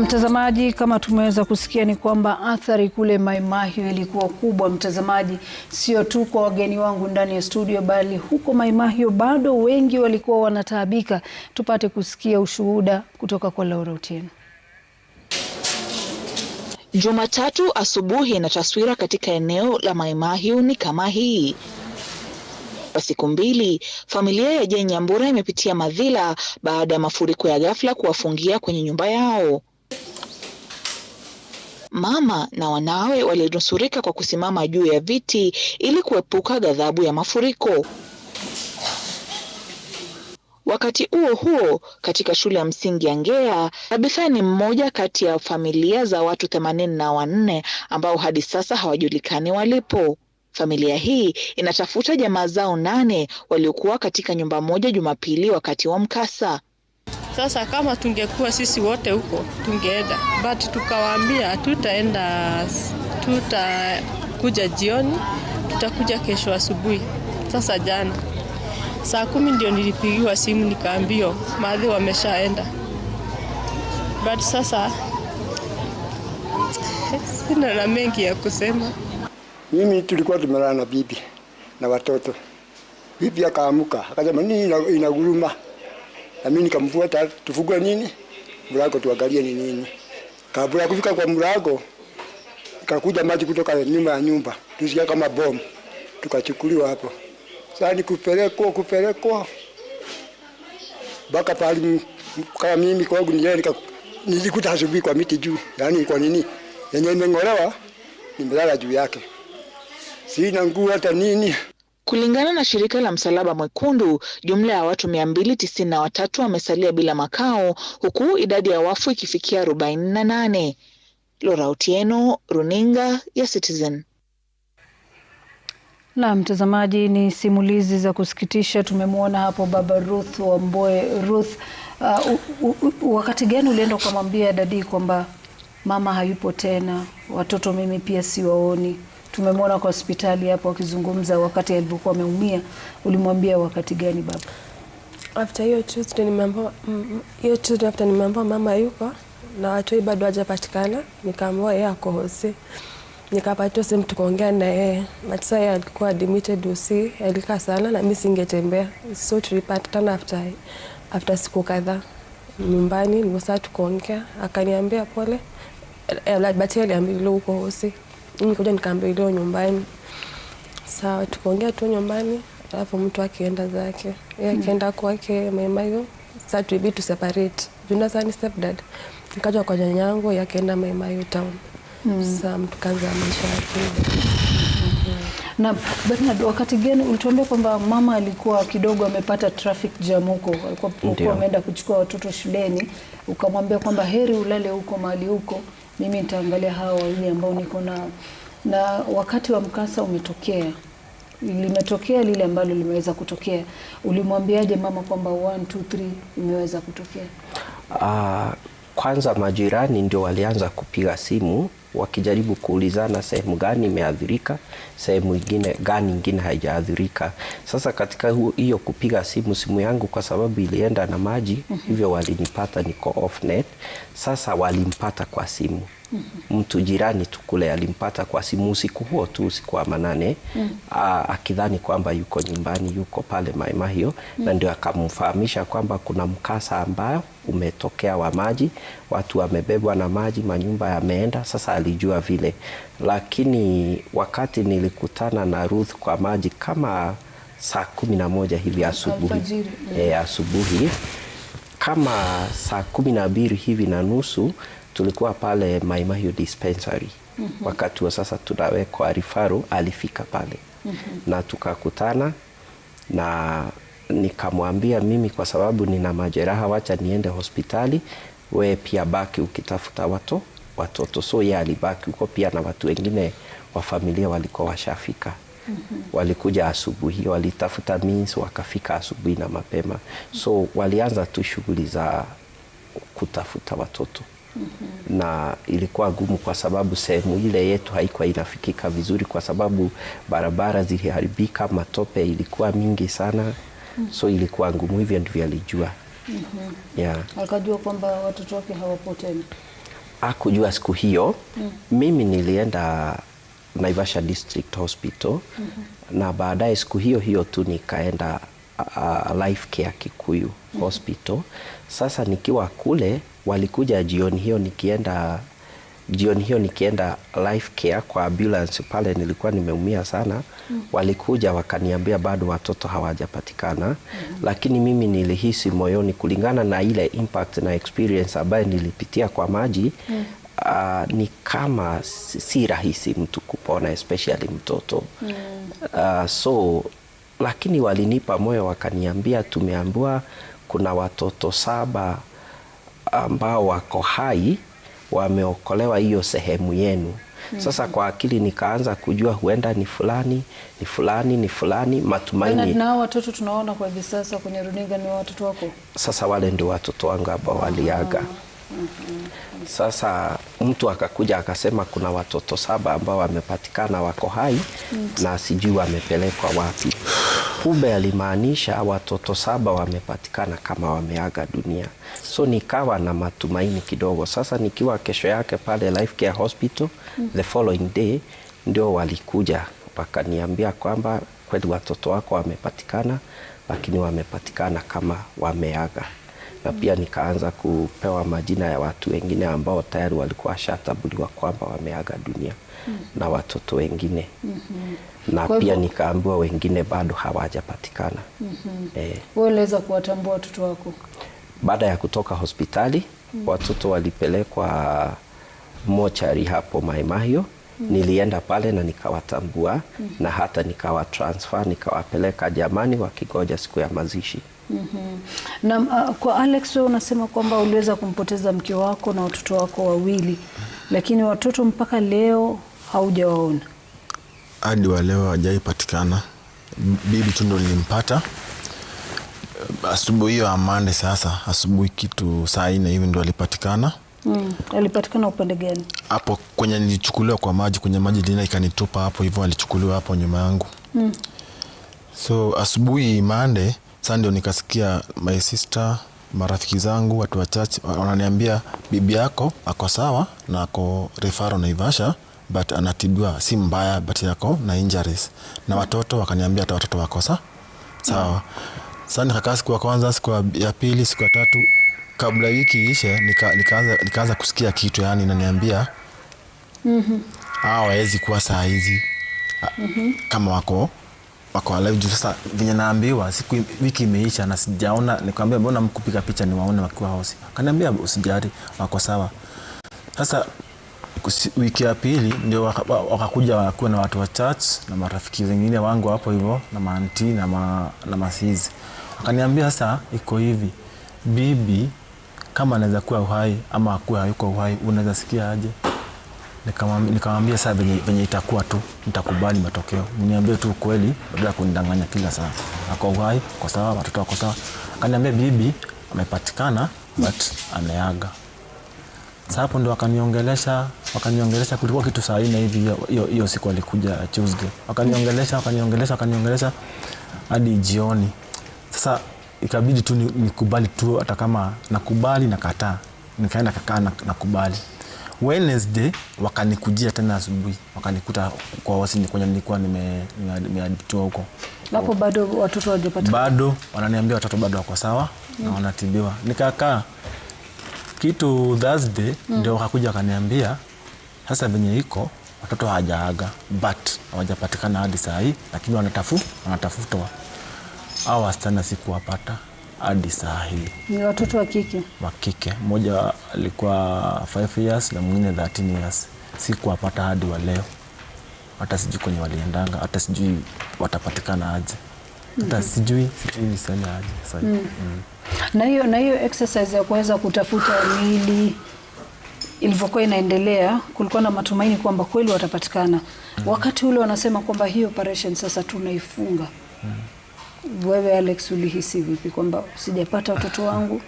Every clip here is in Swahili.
mtazamaji, kama tumeweza kusikia ni kwamba athari kule Maimahiu ilikuwa kubwa, mtazamaji, sio tu kwa wageni wangu ndani ya studio, bali huko Maimahiu bado wengi walikuwa wanataabika. Tupate kusikia ushuhuda kutoka kwa Laura Otieno. Jumatatu asubuhi na taswira katika eneo la Maimahiu ni kama hii. Kwa siku mbili familia ya Jane Nyambura imepitia madhila baada ya mafuriko ya ghafla kuwafungia kwenye nyumba yao. Mama na wanawe walinusurika kwa kusimama juu ya viti ili kuepuka ghadhabu ya mafuriko. Wakati huo huo, katika shule ya msingi ya Ngea, Tabitha ni mmoja kati ya familia za watu themanini na wanne ambao hadi sasa hawajulikani walipo. Familia hii inatafuta jamaa zao nane waliokuwa katika nyumba moja Jumapili wakati wa mkasa. Sasa kama tungekuwa sisi wote huko tungeenda, but tukawaambia tutaenda, tutakuja jioni, tutakuja kesho asubuhi. Sasa jana saa kumi ndio nilipigiwa simu nikaambiwa madhi wameshaenda, but sasa sina na mengi ya kusema. Mimi tulikuwa tumelala na bibi na watoto, bibi akaamka akasema, nini inaguruma ina na mimi nikamfuata, tufungue nini mlango tuangalie ni nini. Kabla ya kufika kwa mlango, kakuja maji kutoka nyuma ya nyumba, tusikia kama bomu, tukachukuliwa hapo. Sasa nikupelekwa kupelekwa mpaka pale, kama mimi kwangu nile nilikuta asubuhi kwa miti juu, yaani kwa nini yenye imeng'olewa, nimelala juu yake, sina nguo hata nini Kulingana na shirika la Msalaba Mwekundu, jumla ya watu mia mbili tisini na watatu wamesalia bila makao huku idadi ya wafu ikifikia arobaini na nane. Lora Otieno, runinga ya Citizen. Na mtazamaji, ni simulizi za kusikitisha. Tumemwona hapo baba Ruth mboe Ruth, uh, wakati gani ulienda ukamwambia dadii kwamba mama hayupo tena, watoto mimi pia siwaoni? tumemwona kwa hospitali hapo akizungumza wakati alipokuwa ameumia. Ulimwambia wakati gani baba? After hiyo Tuesday nimeambiwa, mm, mm, hiyo Tuesday after nimeambiwa mama yuko na watu bado hajapatikana, nikaambiwa yeye ako hose, nikapatiwa simu tukaongea na yeye matisa, yeye alikuwa admitted usi, alika sana na mimi singetembea, so tulipatana after after siku kadhaa nyumbani, ndio saa tukaongea, akaniambia pole, eh, but yeye aliambiwa uko hosi nikuja nikaambia nyumbani. Sawa, tukaongea tu nyumbani, alafu mtu akienda zake, yeye hmm. akienda kwake mama sa Sasa tuibidi tu separate. Juna sasa ni stepdad. Nikaja kwa nyanya yangu, yeye akaenda mama town. Mm. Sasa mtu kaanza maisha yake. Na Bernard, wakati gani ulituambia kwamba mama alikuwa kidogo amepata traffic jam huko, alikuwa ameenda kuchukua watoto shuleni, ukamwambia kwamba heri ulale huko mahali huko mimi nitaangalia hawa wawili ambao niko nao, na wakati wa mkasa umetokea limetokea lile ambalo limeweza kutokea, ulimwambiaje mama kwamba 1 2 3 imeweza kutokea? Uh, kwanza majirani ndio walianza kupiga simu wakijaribu kuulizana sehemu gani imeathirika, sehemu ingine gani ingine haijaathirika. Sasa katika hiyo kupiga simu, simu yangu kwa sababu ilienda na maji mm -hmm. hivyo walinipata niko off net. Sasa walimpata kwa simu mm -hmm. mtu jirani tu kule alimpata kwa simu usiku huo tu, usiku wa manane mm -hmm. akidhani kwamba yuko nyumbani, yuko pale hiyo mm -hmm. na ndio akamfahamisha kwamba kuna mkasa ambao umetokea wa maji, watu wamebebwa na maji, manyumba yameenda sasa alijua vile, lakini wakati nilikutana na Ruth kwa maji kama saa kumi na moja hivi asubuhi, e, asubuhi kama saa kumi na mbili hivi na nusu tulikuwa pale Mai dispensary mm -hmm. Wakati wa sasa tunawekwa rifaro, alifika pale mm -hmm. na tukakutana na nikamwambia mimi kwa sababu nina majeraha, wacha niende hospitali, wee pia baki ukitafuta watu watoto, so yeye alibaki huko pia, na watu wengine wa familia walikuwa washafika mm -hmm. Walikuja asubuhi, walitafuta means, wakafika asubuhi na mapema so walianza tu shughuli za kutafuta watoto mm -hmm. Na ilikuwa gumu kwa sababu sehemu ile yetu haikuwa inafikika vizuri, kwa sababu barabara ziliharibika, matope ilikuwa mingi sana mm -hmm. So ilikuwa ngumu, hivyo ndivyo alijua mm -hmm. Yeah. Akajua kwamba watoto wake hawapo tena akujua siku hiyo mm. mimi nilienda Naivasha District Hospital mm -hmm. na baadaye siku hiyo hiyo tu nikaenda uh, Life Care Kikuyu mm -hmm. Hospital. Sasa nikiwa kule walikuja jioni hiyo nikienda jioni hiyo nikienda life care kwa ambulance pale, nilikuwa nimeumia sana mm. Walikuja wakaniambia bado watoto hawajapatikana mm. Lakini mimi nilihisi moyoni, kulingana na ile impact na experience ambayo nilipitia kwa maji mm. Uh, ni kama si rahisi mtu kupona especially mtoto mm. Uh, so lakini walinipa moyo wakaniambia, tumeambiwa kuna watoto saba ambao wako hai wameokolewa hiyo sehemu yenu. Mm-hmm. Sasa kwa akili nikaanza kujua huenda ni fulani ni fulani ni fulani matumaini. Na watoto tunaona kwa hivi sasa kwenye runinga ni watoto wako? Sasa wale ndio watoto wangu ambao waliaga. Mm-hmm. Sasa mtu akakuja akasema kuna watoto saba ambao wamepatikana wako hai mm-hmm. na sijui wamepelekwa wapi kumbe alimaanisha watoto saba wamepatikana kama wameaga dunia, so nikawa na matumaini kidogo. Sasa nikiwa kesho yake pale Life Care Hospital mm. the following day ndio walikuja wakaniambia kwamba kweli watoto wako wamepatikana, lakini wamepatikana kama wameaga na pia nikaanza kupewa majina ya watu wengine ambao tayari walikuwa shatabuliwa kwamba wameaga dunia mm -hmm. na watoto wengine mm -hmm. na Kwevo. pia nikaambiwa wengine bado hawajapatikana. mm -hmm. Eh, wewe unaweza kuwatambua watoto wako baada ya kutoka hospitali? mm -hmm. watoto walipelekwa mochari hapo Maimahio. Mm -hmm. Nilienda pale na nikawatambua. mm -hmm. na hata transfer nikawapeleka jamani, wakigoja siku ya mazishi. Mm -hmm. Na uh, kwa Alex wewe unasema kwamba uliweza kumpoteza mke wako na watoto wako wawili, lakini watoto mpaka leo haujawaona? Hadi wa leo hajaipatikana. Bibi tu ndo nilimpata asubuhi hiyo amande. Sasa asubuhi kitu saa nne hivi ndo alipatikana. Mm. Alipatikana upande gani? Hapo kwenye nilichukuliwa kwa maji, kwenye maji lina ikanitupa hapo hivyo, alichukuliwa hapo nyuma yangu. Mm. So asubuhi mande sasa ndio nikasikia my sister, marafiki zangu, watu wachache wananiambia bibi yako ako sawa na ako refaro Naivasha but anatibiwa si mbaya but yako na injuries. Na watoto wakaniambia hata watoto wako sawa. Sawa. Sasa nikakaa siku ya kwanza, siku ya pili, siku ya tatu kabla wiki ishe nikaanza nika nika kusikia kitu yani naniambia mm -hmm. hawawezi kuwa saa hizi mm -hmm. kama wako wako alive juu sasa venye naambiwa siku wiki imeisha na sijaona, nikwambia mbona mkupiga picha ni waone wakiwa hosi? Akaniambia usijari, wako sawa. Sasa wiki ya pili ndio wakakuja wakiwa na watu wa church na marafiki wengine wangu hapo hivyo na maanti na, ma, na masizi akaniambia sasa iko hivi bibi, kama anaweza kuwa uhai ama akuwa yuko uhai, unaweza sikia aje? Nikamwambia saa venye itakuwa tu nitakubali matokeo, niambie tu kweli badala ya kunidanganya kila saa. Ako uhai kwa sawa, watoto wako sawa. Akaniambia bibi amepatikana but ameaga. Sasa hapo ndo wakaniongelesha, wakaniongelesha kulikuwa kitu saa nne hivi hiyo siku alikuja Tuesday. Wakaniongelesha, wakaniongelesha, wakaniongelesha hadi jioni. Sasa ikabidi tu nikubali tu hata kama nakubali nakataa. Nikaenda kakaa nakubali. na Wednesday wakanikujia tena asubuhi, wakanikuta kwa wasini kwenye nilikuwa nimeadiktiwa huko. Hapo bado watoto hawajapata, bado wananiambia watoto bado wako sawa mm. na wanatibiwa. Nikakaa kitu Thursday mm. ndio wakakuja wakaniambia sasa venye iko watoto hawajaaga but hawajapatikana hadi saa hii, lakini wanatafu wanatafutwa. Hao wasichana sikuwapata hadi saa hii. Ni watoto wa kike wa kike, mmoja alikuwa 5 years na mwingine 13 years. Si hadi wa leo, hata sijui kwenye waliendanga, hata sijui watapatikana aje, hata mm -hmm. sijui sijui niseme aje sasa mm. mm. na hiyo na hiyo exercise ya kuweza kutafuta miili ilivyokuwa inaendelea, kulikuwa na matumaini kwamba kweli watapatikana. mm. wakati ule wanasema kwamba hii operation sasa tunaifunga. mm. Wewe Alex, ulihisi vipi kwamba sijapata watoto wangu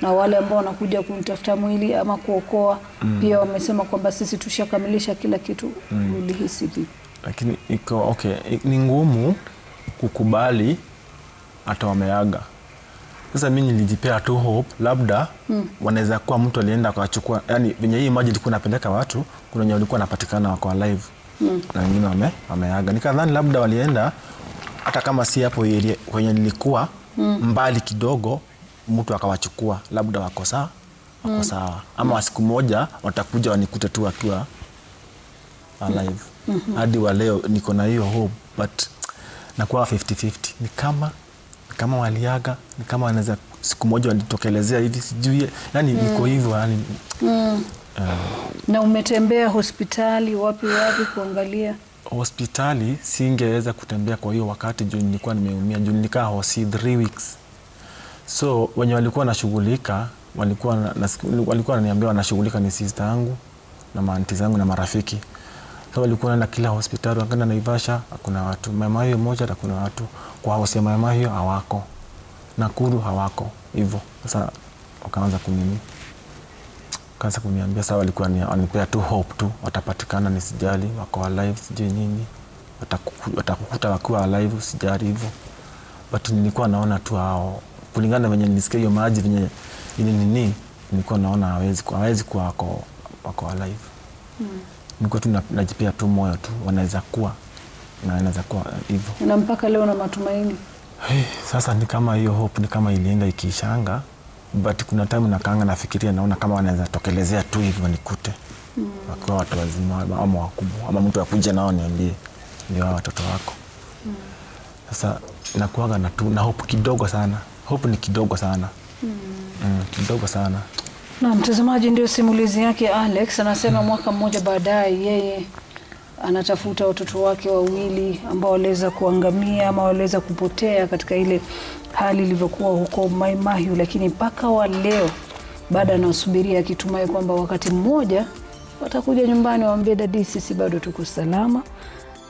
na wale ambao wanakuja kunitafuta mwili ama kuokoa mm. pia wamesema kwamba sisi tushakamilisha kila kitu mm. ulihisi vipi? Lakini iko okay, ni ngumu kukubali hata wameaga. Sasa mimi nilijipea tu hope labda mm. wanaweza kuwa mtu alienda akachukua, yani venye hii maji ilikuwa inapeleka watu, kuna wenye walikuwa wanapatikana wako alive mm. na wengine wame, wameaga. Nikadhani labda walienda hata kama si hapo kwenye nilikuwa mm. mbali kidogo, mtu akawachukua labda wako sawa wako hmm. sawa mm. ama hmm. siku moja watakuja wanikute tu akiwa alive mm -hmm. hadi wa leo niko na hiyo hope but nakuwa 50-50 ni kama kama waliaga ni kama wanaweza siku moja walitokelezea hivi sijui, yani mm. niko hivyo yani mm. uh, na umetembea hospitali wapi wapi kuangalia hospitali singeweza kutembea kwa hiyo wakati juu nilikuwa nimeumia, juu nilikaa hosi 3 weeks. So wenye walikuwa wanashughulika walikuwa na, walikuwa wananiambia wanashughulika ni sister yangu na maanti zangu na marafiki. So walikuwa na kila hospitali, wakaenda Naivasha hakuna watu, mama hiyo moja hakuna watu, kwa hosi mama hiyo hawako, Nakuru hawako, hivyo sasa wakaanza kunini kaanza kuniambia saa walikuwa wanipea tu hope tu, watapatikana, nisijali, wako alive, sijui nini, watakukuta wakiwa alive, usijali hivyo. But nilikuwa naona tu hao, kulingana na venye nisikia hiyo maji venye ini nini, nilikuwa naona hawezi hawezi kuwa wako wako alive mm. Nilikuwa tu najipea tu moyo tu, wanaweza kuwa na wanaweza kuwa hivyo, na mpaka leo na matumaini hey. Sasa ni kama hiyo hope ni kama ilienda ikiishanga but kuna time nakaanga nafikiria, naona kama wanaweza tokelezea tu hivi wanikute mm. wakiwa watu wazima ama wakubwa ama mtu akuja nao niambie ni wao watoto wako mm. Sasa nakuaga na tu na hope kidogo sana, hope ni kidogo sana mm. Mm, kidogo sana na mtazamaji, ndio simulizi yake Alex anasema mm. mwaka mmoja baadaye yeye anatafuta watoto wake wawili ambao waliweza kuangamia ama waliweza kupotea katika ile hali ilivyokuwa huko Maimahiu, lakini mpaka wa leo bado anawasubiria akitumai kwamba wakati mmoja watakuja nyumbani waambie, dadi, sisi bado tuko salama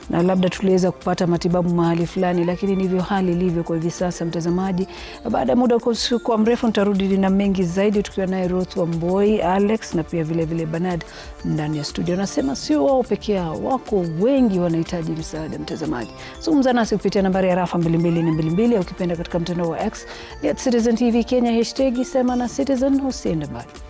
na labda tuliweza kupata matibabu mahali fulani, lakini ndivyo hali ilivyo kwa hivi sasa. Mtazamaji, baada ya muda kwa mrefu nitarudi na mengi zaidi, tukiwa naye Ruth Wamboi, Alex na pia vilevile Bernard ndani ya studio. Anasema sio wao peke yao, wako wengi wanahitaji msaada. Mtazamaji, zungumza nasi kupitia nambari ya rafa mbilimbili na 22 au ukipenda katika mtandao wa X Citizen TV Kenya, hashtag sema na Citizen. Usiende mbali.